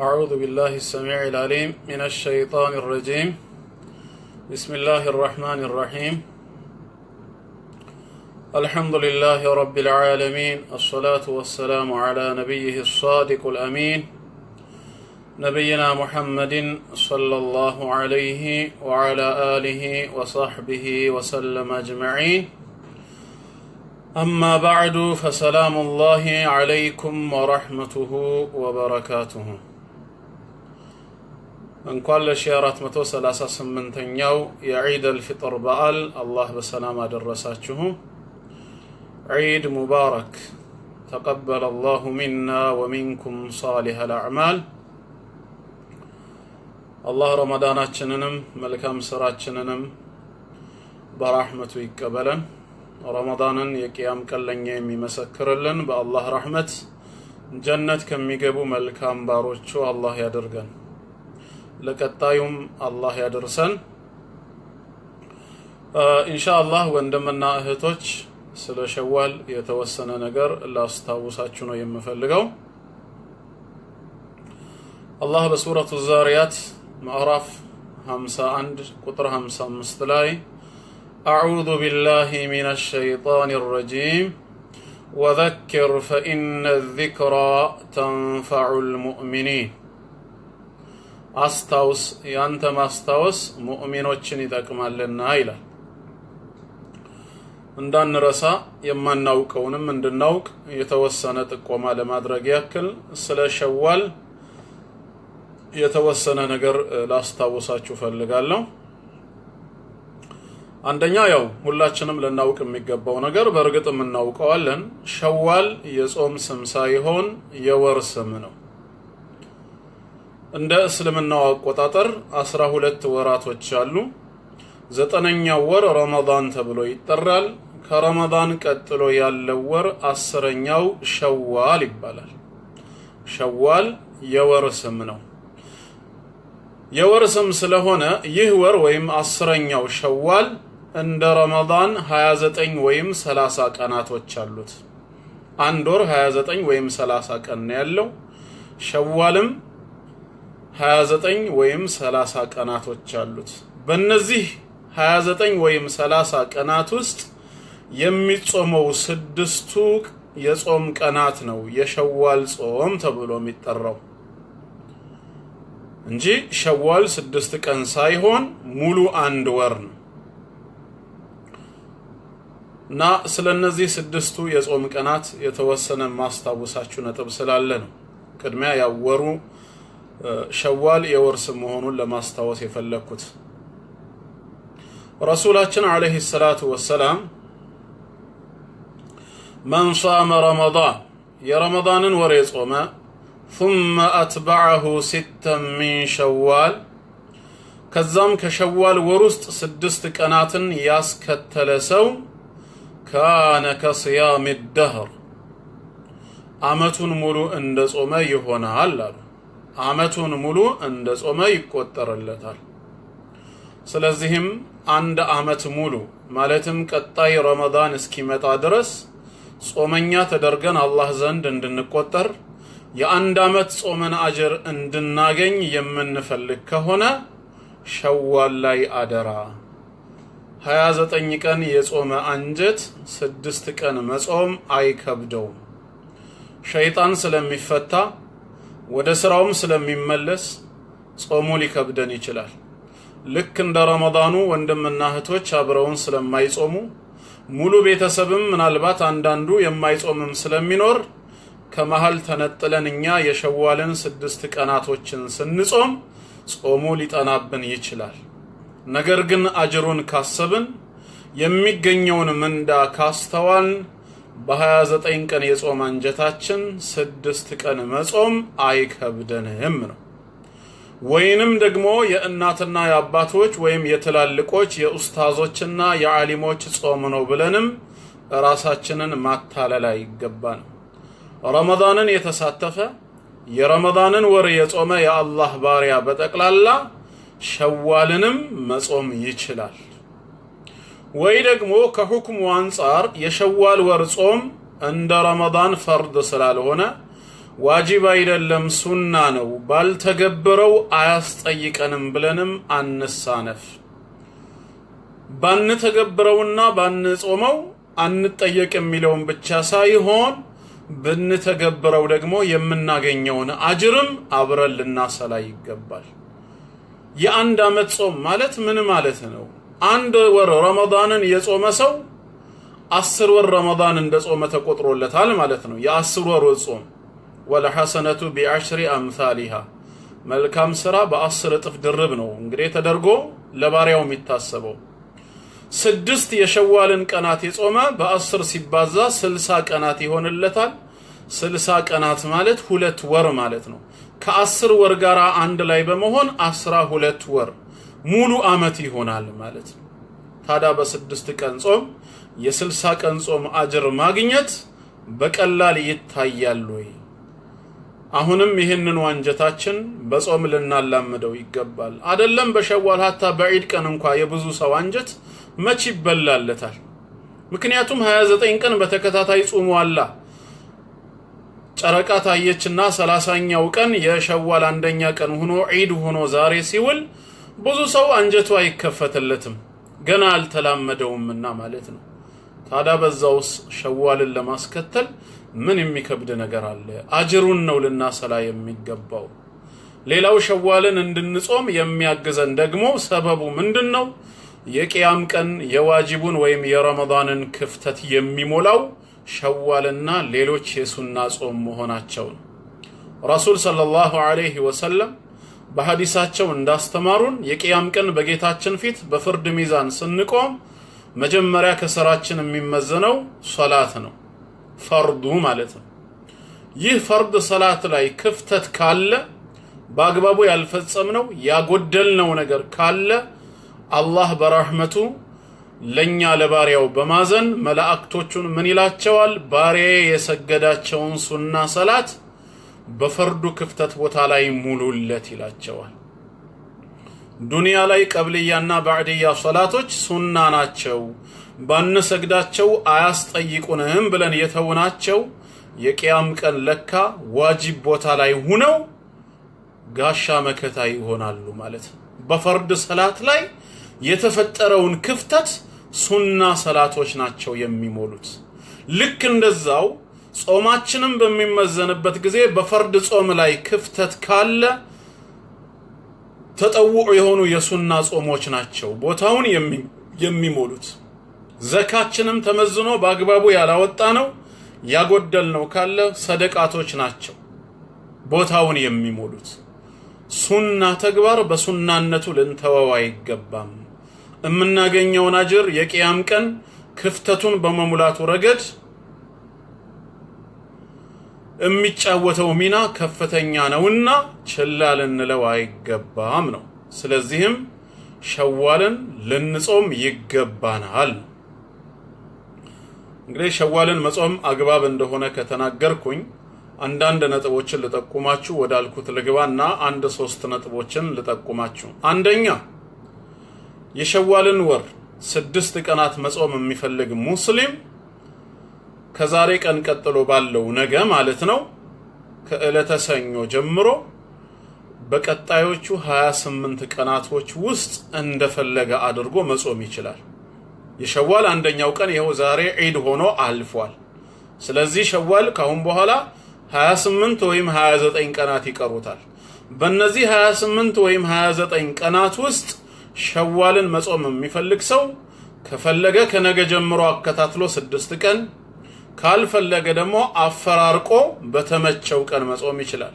أعوذ بالله السميع العليم من الشيطان الرجيم بسم الله الرحمن الرحيم الحمد لله رب العالمين الصلاة والسلام على نبيه الصادق الأمين نبينا محمد صلى الله عليه وعلى آله وصحبه وسلم أجمعين أما بعد فسلام الله عليكم ورحمته وبركاته እንኳን ለ1438ኛው የዒድ አልፊጥር በዓል አላህ በሰላም አደረሳችሁ። ዒድ ሙባረክ። ተቀበለ አላሁ ሚና ወሚንኩም ሳሊህ አልአዕማል። አላህ ረመዳናችንንም መልካም ስራችንንም በራሕመቱ ይቀበለን። ረመዳንን የቅያም ቀለኛ የሚመሰክርልን በአላህ ራሕመት ጀነት ከሚገቡ መልካም ባሮቹ አላህ ያደርገን። الله ለቀጣዩም አላህ ያደርሰን ኢንሻአላህ ወንድምና እህቶች ስለ ሸዋል የተወሰነ ነገር ላስታውሳችሁ ነው የምፈልገው አላህ በሱረቱ ዛሪያት ምዕራፍ 51 قطر 55 ላይ أعوذ بالله من الشيطان الرجيم وذكر فإن الذكرى تنفع المؤمنين አስታውስ ያንተ ማስታወስ ሙእሚኖችን ይጠቅማልና ይላል። እንዳንረሳ የማናውቀውንም እንድናውቅ የተወሰነ ጥቆማ ለማድረግ ያክል ስለ ሸዋል የተወሰነ ነገር ላስታውሳችሁ ፈልጋለሁ። አንደኛ ያው ሁላችንም ልናውቅ የሚገባው ነገር በእርግጥም እናውቀዋለን፣ ሸዋል የጾም ስም ሳይሆን የወር ስም ነው። እንደ እስልምናው አቆጣጠር አስራ ሁለት ወራቶች አሉ። ዘጠነኛው ወር ረመዳን ተብሎ ይጠራል። ከረመዳን ቀጥሎ ያለው ወር አስረኛው ሸዋል ይባላል። ሸዋል የወር ስም ነው። የወር ስም ስለሆነ ይህ ወር ወይም አስረኛው ሸዋል እንደ ረመዳን 29 ወይም 30 ቀናቶች አሉት። አንድ ወር 29 ወይም 30 ቀን ነው ያለው። ሸዋልም 29 ወይም 30 ቀናቶች አሉት። በእነዚህ 29 ወይም 30 ቀናት ውስጥ የሚጾመው ስድስቱ የጾም ቀናት ነው የሸዋል ጾም ተብሎ የሚጠራው እንጂ ሸዋል ስድስት ቀን ሳይሆን ሙሉ አንድ ወር ነው። እና ስለነዚህ ስድስቱ የጾም ቀናት የተወሰነ ማስታወሳችሁ ነጥብ ስላለ ነው። ቅድሚያ ያወሩ ሸዋል የወር ስም መሆኑን ለማስታወስ የፈለግኩት። ረሱላችን ዓለይሂ ሰላቱ ወሰላም መን ሷመ ረመዳን የረመዳንን ወር የጾመ ثመ አትበዐሁ ሲተን ሚን ሸዋል ከዛም ከሸዋል ወር ውስጥ ስድስት ቀናትን ያስከተለ ሰው ካነ ከስያም ደህር ዓመቱን ሙሉ እንደ ጾመ ይሆናል አሉ። አመቱን ሙሉ እንደ ጾመ ይቆጠርለታል። ስለዚህም አንድ አመት ሙሉ ማለትም ቀጣይ ረመዳን እስኪመጣ ድረስ ጾመኛ ተደርገን አላህ ዘንድ እንድንቆጠር የአንድ አመት ጾመን አጀር እንድናገኝ የምንፈልግ ከሆነ ሸዋል ላይ አደራ 29 ቀን የጾመ አንጀት ስድስት ቀን መጾም አይከብደውም። ሸይጣን ስለሚፈታ ወደ ስራውም ስለሚመለስ ጾሙ ሊከብደን ይችላል። ልክ እንደ ረመዳኑ ወንድምና እህቶች አብረውን ስለማይጾሙ ሙሉ ቤተሰብም ምናልባት አንዳንዱ የማይጾምም ስለሚኖር ከመሀል ተነጥለን እኛ የሸዋልን ስድስት ቀናቶችን ስንጾም ጾሙ ሊጠናብን ይችላል። ነገር ግን አጅሩን ካሰብን የሚገኘውን ምንዳ ካስተዋልን በ29 ቀን የጾም አንጀታችን ስድስት ቀን መጾም አይከብደንም ነው። ወይንም ደግሞ የእናትና የአባቶች ወይም የትላልቆች የኡስታዞችና የዓሊሞች ጾም ነው ብለንም ራሳችንን ማታለል አይገባንም። ረመዳንን የተሳተፈ የረመዳንን ወር የጾመ የአላህ ባሪያ በጠቅላላ ሸዋልንም መጾም ይችላል። ወይ ደግሞ ከሁክሙ አንጻር የሸዋል ወር ጾም እንደ ረመዳን ፈርድ ስላልሆነ ዋጅብ አይደለም፣ ሱና ነው፣ ባልተገበረው አያስጠይቀንም ብለንም አንሳነፍ። ባንተገብረውና ባንጾመው አንጠየቅ የሚለውን ብቻ ሳይሆን ብንተገብረው ደግሞ የምናገኘውን አጅርም አብረን ልናሰላ ይገባል። የአንድ ዓመት ጾም ማለት ምን ማለት ነው? አንድ ወር ረመዳንን የጾመ ሰው አስር ወር ረመዳን እንደጾመ ተቆጥሮለታል ማለት ነው። የአስር ወር ጾም ወለሐሰነቱ ቢአሽሪ አምሳሊሃ መልካም ስራ በአስር እጥፍ ድርብ ነው እንግዲህ ተደርጎ ለባሪያው የሚታሰበው። ስድስት የሸዋልን ቀናት የጾመ በአስር ሲባዛ ስልሳ ቀናት ይሆንለታል። ስልሳ ቀናት ማለት ሁለት ወር ማለት ነው። ከአስር ወር ጋር አንድ ላይ በመሆን አስራ ሁለት ወር ሙሉ ዓመት ይሆናል ማለት ነው። ታዲያ በስድስት ቀን ጾም የስልሳ ቀን ጾም አጅር ማግኘት በቀላል ይታያል ወይ? አሁንም ይህንን ወንጀታችን በጾም ልናላምደው ይገባል። አደለም በሸዋል ሀታ በዒድ ቀን እንኳ የብዙ ሰው አንጀት መች ይበላለታል? ምክንያቱም 29 ቀን በተከታታይ አላ ጨረቃ ታየችና ሰላሳኛው ቀን የሸዋል አንደኛ ቀን ሆኖ ዒድ ሆኖ ዛሬ ሲውል ብዙ ሰው አንጀቱ አይከፈትለትም ገና አልተላመደውምና ማለት ነው። ታዲያ በዛውስ ሸዋልን ለማስከተል ምን የሚከብድ ነገር አለ? አጅሩን ነው ልናሰላ የሚገባው። ሌላው ሸዋልን እንድንጾም የሚያግዘን ደግሞ ሰበቡ ምንድን ነው? የቅያም ቀን የዋጅቡን ወይም የረመዳንን ክፍተት የሚሞላው ሸዋልና ሌሎች የሱና ጾም መሆናቸው ነው። ረሱል ሰለላሁ ዐለይሂ ወሰለም በሐዲሳቸው እንዳስተማሩን የቅያም ቀን በጌታችን ፊት በፍርድ ሚዛን ስንቆም መጀመሪያ ከሰራችን የሚመዘነው ሶላት ነው፣ ፈርዱ ማለት ነው። ይህ ፈርድ ሰላት ላይ ክፍተት ካለ በአግባቡ ያልፈጸምነው ያጎደልነው ነገር ካለ አላህ በረህመቱ ለኛ ለባሪያው በማዘን መላእክቶቹን ምን ይላቸዋል? ባሪያዬ የሰገዳቸውን ሱና ሰላት በፈርዱ ክፍተት ቦታ ላይ ሙሉለት ይላቸዋል። ዱንያ ላይ ቀብልያና ባዕድያ ሶላቶች ሱና ናቸው፣ ባንሰግዳቸው አያስጠይቁንም ብለን የተውናቸው የቅያም ቀን ለካ ዋጅብ ቦታ ላይ ሁነው ጋሻ መከታ ይሆናሉ ማለት ነው። በፈርድ ሰላት ላይ የተፈጠረውን ክፍተት ሱና ሰላቶች ናቸው የሚሞሉት። ልክ እንደዛው ጾማችንም በሚመዘንበት ጊዜ በፈርድ ጾም ላይ ክፍተት ካለ ተጠውዑ የሆኑ የሱና ጾሞች ናቸው ቦታውን የሚሞሉት። ዘካችንም ተመዝኖ በአግባቡ ያላወጣ ነው ያጎደል ነው ካለ ሰደቃቶች ናቸው ቦታውን የሚሞሉት። ሱና ተግባር በሱናነቱ ልንተወው አይገባም። የምናገኘውን አጅር የቅያም ቀን ክፍተቱን በመሙላቱ ረገድ የሚጫወተው ሚና ከፍተኛ ነውና ችላ ልንለው አይገባም ነው። ስለዚህም ሸዋልን ልንጾም ይገባናል። እንግዲህ ሸዋልን መጾም አግባብ እንደሆነ ከተናገርኩኝ አንዳንድ ነጥቦችን ልጠቁማችሁ ወዳልኩት ልግባና አንድ ሶስት ነጥቦችን ልጠቁማችሁ። አንደኛ የሸዋልን ወር ስድስት ቀናት መጾም የሚፈልግ ሙስሊም ከዛሬ ቀን ቀጥሎ ባለው ነገ ማለት ነው ከዕለተ ሰኞ ጀምሮ በቀጣዮቹ 28 ቀናቶች ውስጥ እንደፈለገ አድርጎ መጾም ይችላል። የሸዋል አንደኛው ቀን ይኸው ዛሬ ዒድ ሆኖ አልፏል። ስለዚህ ሸዋል ካሁን በኋላ 28 ወይም 29 ቀናት ይቀሩታል። በእነዚህ 28 ወይም 29 ቀናት ውስጥ ሸዋልን መጾም የሚፈልግ ሰው ከፈለገ ከነገ ጀምሮ አከታትሎ ስድስት ቀን ካልፈለገ ደግሞ አፈራርቆ በተመቸው ቀን መጾም ይችላል።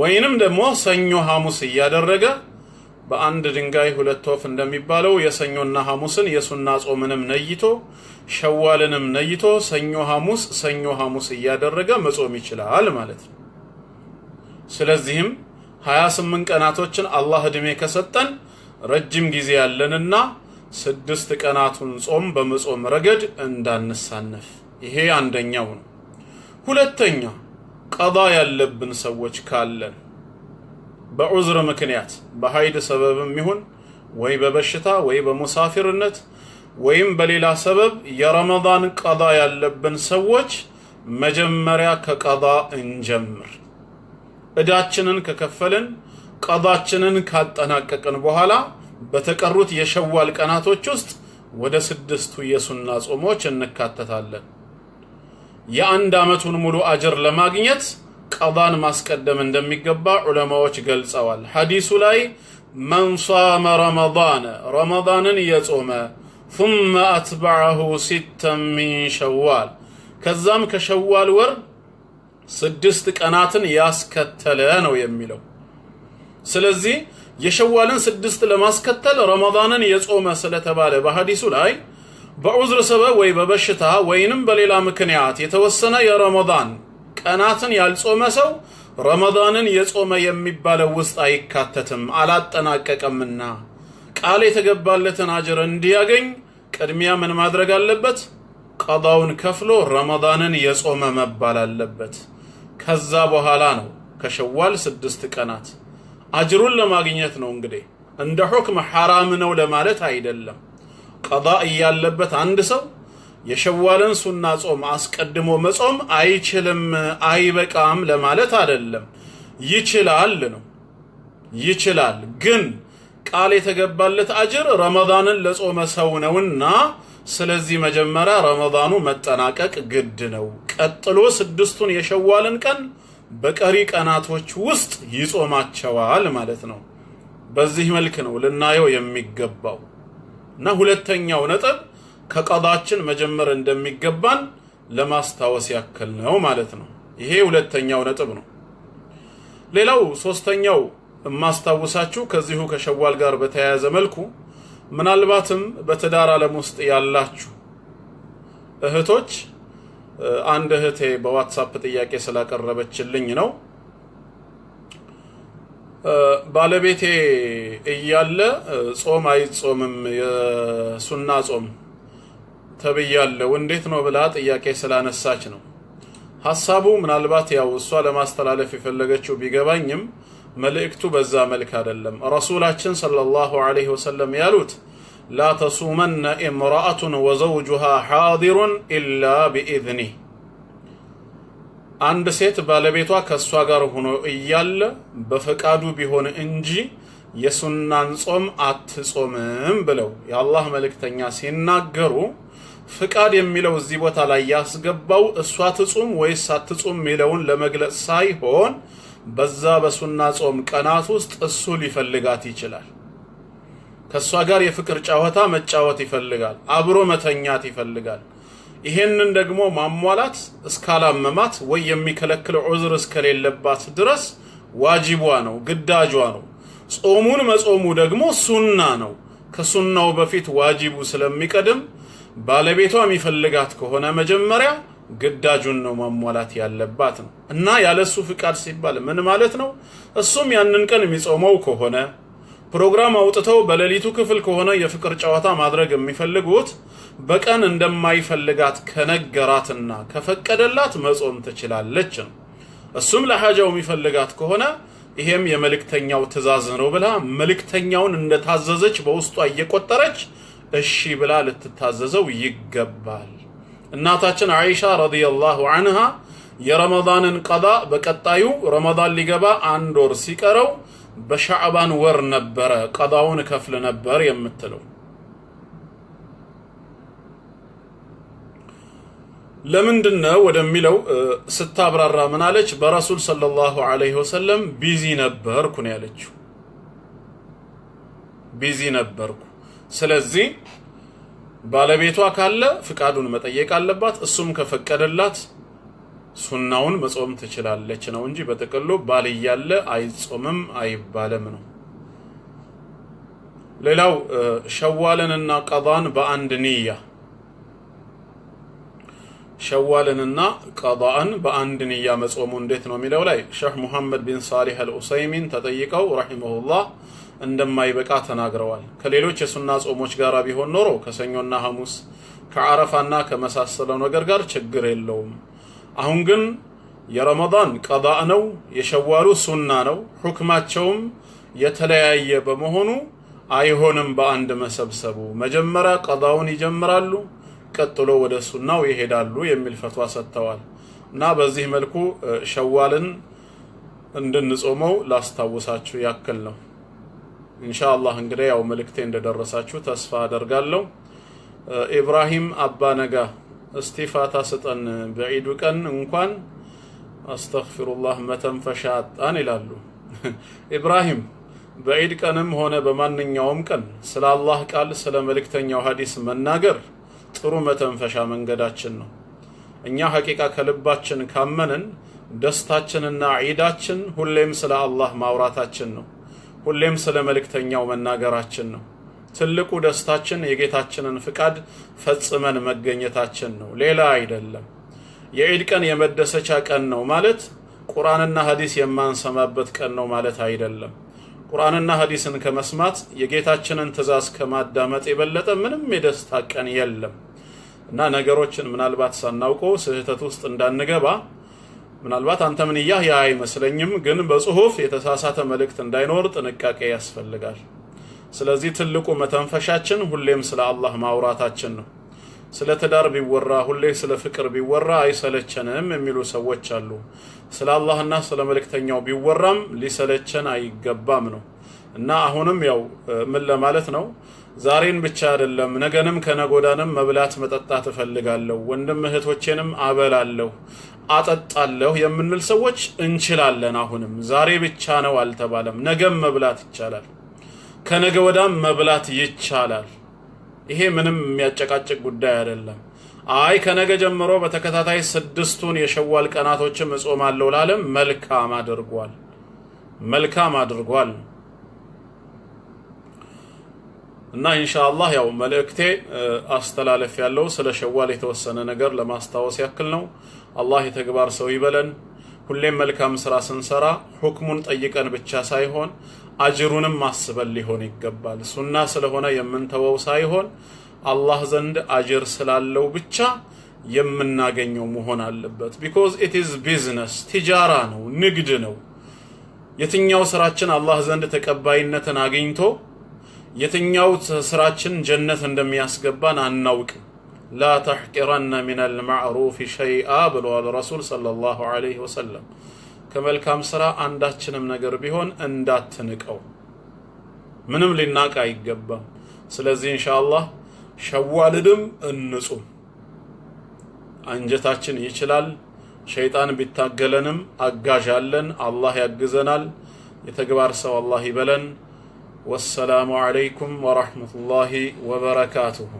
ወይንም ደግሞ ሰኞ ሐሙስ እያደረገ በአንድ ድንጋይ ሁለት ወፍ እንደሚባለው የሰኞና ሐሙስን የሱና ጾምንም ነይቶ ሸዋልንም ነይቶ ሰኞ ሐሙስ ሰኞ ሐሙስ እያደረገ መጾም ይችላል ማለት ነው። ስለዚህም 28 ቀናቶችን አላህ እድሜ ከሰጠን ረጅም ጊዜ ያለንና ስድስት ቀናቱን ጾም በመጾም ረገድ እንዳንሳነፍ ይሄ አንደኛው ነው። ሁለተኛ ቀዳ ያለብን ሰዎች ካለን በዑዝር ምክንያት በሀይድ ሰበብም ይሁን ወይ በበሽታ ወይ በሙሳፊርነት ወይም በሌላ ሰበብ የረመዳን ቀዳ ያለብን ሰዎች መጀመሪያ ከቀዳ እንጀምር። እዳችንን ከከፈልን ቀዳችንን ካጠናቀቅን በኋላ በተቀሩት የሸዋል ቀናቶች ውስጥ ወደ ስድስቱ የሱና ጾሞች እንካተታለን። የአንድ አመቱን ሙሉ አጅር ለማግኘት ቀዳን ማስቀደም እንደሚገባ ዑለማዎች ገልጸዋል። ሐዲሱ ላይ መን ሷመ ረመዳነ ረመዳንን የጾመ ثم أتبعه ستا من شوال ከዛም ከሸዋል ወር ስድስት ቀናትን ያስከተለ ነው የሚለው። ስለዚህ የሸዋልን ስድስት ለማስከተል ረመዳንን የጾመ ስለተባለ በሐዲሱ ላይ በዑዝር ሰበብ ወይ በበሽታ ወይንም በሌላ ምክንያት የተወሰነ የረመዳን ቀናትን ያልጾመ ሰው ረመዳንን የጾመ የሚባለው ውስጥ አይካተትም፣ አላጠናቀቀምና ቃል የተገባለትን አጅር እንዲያገኝ ቅድሚያ ምን ማድረግ አለበት? ቀዳውን ከፍሎ ረመዳንን የጾመ መባል አለበት። ከዛ በኋላ ነው ከሸዋል ስድስት ቀናት አጅሩን ለማግኘት ነው። እንግዲህ እንደ ሑክም ሐራም ነው ለማለት አይደለም። ቀዳ እያለበት አንድ ሰው የሸዋልን ሱና ጾም አስቀድሞ መጾም አይችልም፣ አይበቃም ለማለት አይደለም። ይችላል ነው ይችላል። ግን ቃል የተገባለት አጅር ረመዳንን ለጾመ ሰው ነውና ስለዚህ መጀመሪያ ረመዳኑ መጠናቀቅ ግድ ነው። ቀጥሎ ስድስቱን የሸዋልን ቀን በቀሪ ቀናቶች ውስጥ ይጾማቸዋል ማለት ነው። በዚህ መልክ ነው ልናየው የሚገባው። እና ሁለተኛው ነጥብ ከቀዳችን መጀመር እንደሚገባን ለማስታወስ ያክል ነው ማለት ነው። ይሄ ሁለተኛው ነጥብ ነው። ሌላው ሶስተኛው የማስታውሳችሁ ከዚሁ ከሸዋል ጋር በተያያዘ መልኩ ምናልባትም በትዳር ዓለም ውስጥ ያላችሁ እህቶች አንድ እህቴ በዋትሳፕ ጥያቄ ስላቀረበችልኝ ነው። ባለቤቴ እያለ ጾም አይጾምም የሱና ጾም ተብያለሁ እንዴት ነው ብላ ጥያቄ ስላነሳች ነው። ሀሳቡ ምናልባት ያው እሷ ለማስተላለፍ የፈለገችው ቢገባኝም መልእክቱ በዛ መልክ አይደለም። ረሱላችን ሰለላሁ ዐለይሂ ወሰለም ያሉት ላ ተሱመነ ኢምራአቱን ወዘውጁሃ ሓዲሩን ኢላ ቢኢዝኒህ አንድ ሴት ባለቤቷ ከእሷ ጋር ሆኖ እያለ በፈቃዱ ቢሆን እንጂ የሱናን ጾም አትጾምም ብለው የአላህ መልእክተኛ ሲናገሩ ፍቃድ የሚለው እዚህ ቦታ ላይ ያስገባው እሷ ትጹም ወይስ አትጹም የሚለውን ለመግለጽ ሳይሆን በዛ በሱና ጾም ቀናት ውስጥ እሱ ሊፈልጋት ይችላል። ከእሷ ጋር የፍቅር ጨዋታ መጫወት ይፈልጋል። አብሮ መተኛት ይፈልጋል። ይሄንን ደግሞ ማሟላት እስካላመማት ወይ የሚከለክል ዑዝር እስከሌለባት ድረስ ዋጅቧ ነው፣ ግዳጇ ነው። ጾሙን መጾሙ ደግሞ ሱና ነው። ከሱናው በፊት ዋጅቡ ስለሚቀድም ባለቤቷ የሚፈልጋት ከሆነ መጀመሪያ ግዳጁን ነው ማሟላት ያለባት ነው እና ያለሱ ፍቃድ ሲባል ምን ማለት ነው? እሱም ያንን ቀን የሚጾመው ከሆነ ፕሮግራም አውጥተው በሌሊቱ ክፍል ከሆነ የፍቅር ጨዋታ ማድረግ የሚፈልጉት በቀን እንደማይፈልጋት ከነገራትና ከፈቀደላት መጾም ትችላለች ነው። እሱም ለሐጃው የሚፈልጋት ከሆነ ይሄም የመልእክተኛው ትእዛዝ ነው ብላ መልእክተኛውን እንደታዘዘች በውስጧ እየቆጠረች እሺ ብላ ልትታዘዘው ይገባል። እናታችን አይሻ ረዲየላሁ አንሃ የረመዳንን ቀዳ በቀጣዩ ረመዳን ሊገባ አንድ ወር ሲቀረው በሻዕባን ወር ነበረ ቀዳውን ከፍል ነበር የምትለው ለምንድን ነው ወደሚለው ስታብራራ ምን አለች? በረሱል ሰለላሁ ዐለይሂ ወሰለም ቢዚ ነበርኩ ነው ያለችው። ቢዚ ነበርኩ። ስለዚህ ባለቤቷ ካለ ፍቃዱን መጠየቅ አለባት። እሱም ከፈቀደላት ሱናውን መጾም ትችላለች ነው እንጂ በጥቅሉ ባል እያለ አይጾምም አይባልም ነው። ሌላው ሸዋልንና ቀዳን በአንድ ንያ ሸዋልንና ቀዳን በአንድ ንያ መጾሙ እንዴት ነው የሚለው ላይ ሼህ ሙሐመድ ቢን ሳሊህ አልኡሰይሚን ተጠይቀው ረሂመሁላህ እንደማይበቃ ተናግረዋል። ከሌሎች የሱና ጾሞች ጋር ቢሆን ኖሮ ከሰኞና ሐሙስ ከአረፋና ከመሳሰለው ነገር ጋር ችግር የለውም። አሁን ግን የረመዳን ቀዳ ነው፣ የሸዋሉ ሱና ነው። ሁክማቸውም የተለያየ በመሆኑ አይሆንም በአንድ መሰብሰቡ። መጀመሪያ ቀዳውን ይጀምራሉ፣ ቀጥሎ ወደ ሱናው ይሄዳሉ የሚል ፈትዋ ሰጥተዋል። እና በዚህ መልኩ ሸዋልን እንድንጾመው ላስታውሳችሁ ያክል ነው። ኢንሻአላህ እንግዲህ ያው መልእክቴ እንደደረሳችሁ ተስፋ አደርጋለሁ። ኢብራሂም አባ ነጋ እስቲ ፋታ ስጠን በዒዱ ቀን እንኳን አስተግፊሩላህ መተንፈሻ አጣን ይላሉ። ኢብራሂም በዒድ ቀንም ሆነ በማንኛውም ቀን ስለ አላህ ቃል ስለ መልእክተኛው ሀዲስ መናገር ጥሩ መተንፈሻ መንገዳችን ነው። እኛ ሐቂቃ ከልባችን ካመንን ደስታችንና ዒዳችን ሁሌም ስለ አላህ ማውራታችን ነው። ሁሌም ስለ መልእክተኛው መናገራችን ነው። ትልቁ ደስታችን የጌታችንን ፍቃድ ፈጽመን መገኘታችን ነው፣ ሌላ አይደለም። የዒድ ቀን የመደሰቻ ቀን ነው ማለት ቁርአንና ሐዲስ የማንሰማበት ቀን ነው ማለት አይደለም። ቁርአንና ሐዲስን ከመስማት የጌታችንን ትእዛዝ ከማዳመጥ የበለጠ ምንም የደስታ ቀን የለም እና ነገሮችን ምናልባት ሳናውቀው ስህተት ውስጥ እንዳንገባ ምናልባት አንተ እያህ ያ አይመስለኝም፣ ግን በጽሁፍ የተሳሳተ መልእክት እንዳይኖር ጥንቃቄ ያስፈልጋል። ስለዚህ ትልቁ መተንፈሻችን ሁሌም ስለ አላህ ማውራታችን ነው። ስለ ትዳር ቢወራ ሁሌ ስለ ፍቅር ቢወራ አይሰለቸንም የሚሉ ሰዎች አሉ። ስለ አላህና ስለ መልእክተኛው ቢወራም ሊሰለቸን አይገባም ነው እና አሁንም ያው ምን ለማለት ነው ዛሬን ብቻ አይደለም ነገንም ከነጎዳንም መብላት መጠጣት እፈልጋለሁ፣ ወንድም እህቶቼንም አበላለሁ አጠጣለሁ የምንል ሰዎች እንችላለን። አሁንም ዛሬ ብቻ ነው አልተባለም፣ ነገም መብላት ይቻላል። ከነገ ወዳም መብላት ይቻላል። ይሄ ምንም የሚያጨቃጭቅ ጉዳይ አይደለም። አይ ከነገ ጀምሮ በተከታታይ ስድስቱን የሸዋል ቀናቶችም እጾማለሁ ላለም መልካም አድርጓል፣ መልካም አድርጓል እና ኢንሻአላህ ያው መልእክቴ አስተላለፍ ያለው ስለ ሸዋል የተወሰነ ነገር ለማስታወስ ያክል ነው። አላህ የተግባር ሰው ይበለን። ሁሌም መልካም ስራ ስንሰራ ሁክሙን ጠይቀን ብቻ ሳይሆን አጅሩንም ማስበል ሊሆን ይገባል። ሱና ስለሆነ የምንተወው ሳይሆን አላህ ዘንድ አጅር ስላለው ብቻ የምናገኘው መሆን አለበት። ቢኮዝ ኢት ኢዝ ቢዝነስ ትጃራ ነው፣ ንግድ ነው። የትኛው ስራችን አላህ ዘንድ ተቀባይነትን አግኝቶ የትኛው ስራችን ጀነት እንደሚያስገባን አናውቅም። ላ ተሕቂረነ ሚነል ማዕሩፍ ሸይአ ብለዋል ረሱል ሰለላሁ ዐለይሂ ወሰለም። ከመልካም ስራ አንዳችንም ነገር ቢሆን እንዳትንቀው፣ ምንም ሊናቅ አይገባም። ስለዚህ ኢንሻአላህ ሸዋልድም እንጹም። አንጀታችን ይችላል። ሸይጣን ቢታገለንም አጋዥ አለን። አላህ ያግዘናል። የተግባር ሰው አላህ ይበለን። ወሰላሙ አለይኩም ወራህመቱላሂ ወበረካቱሁ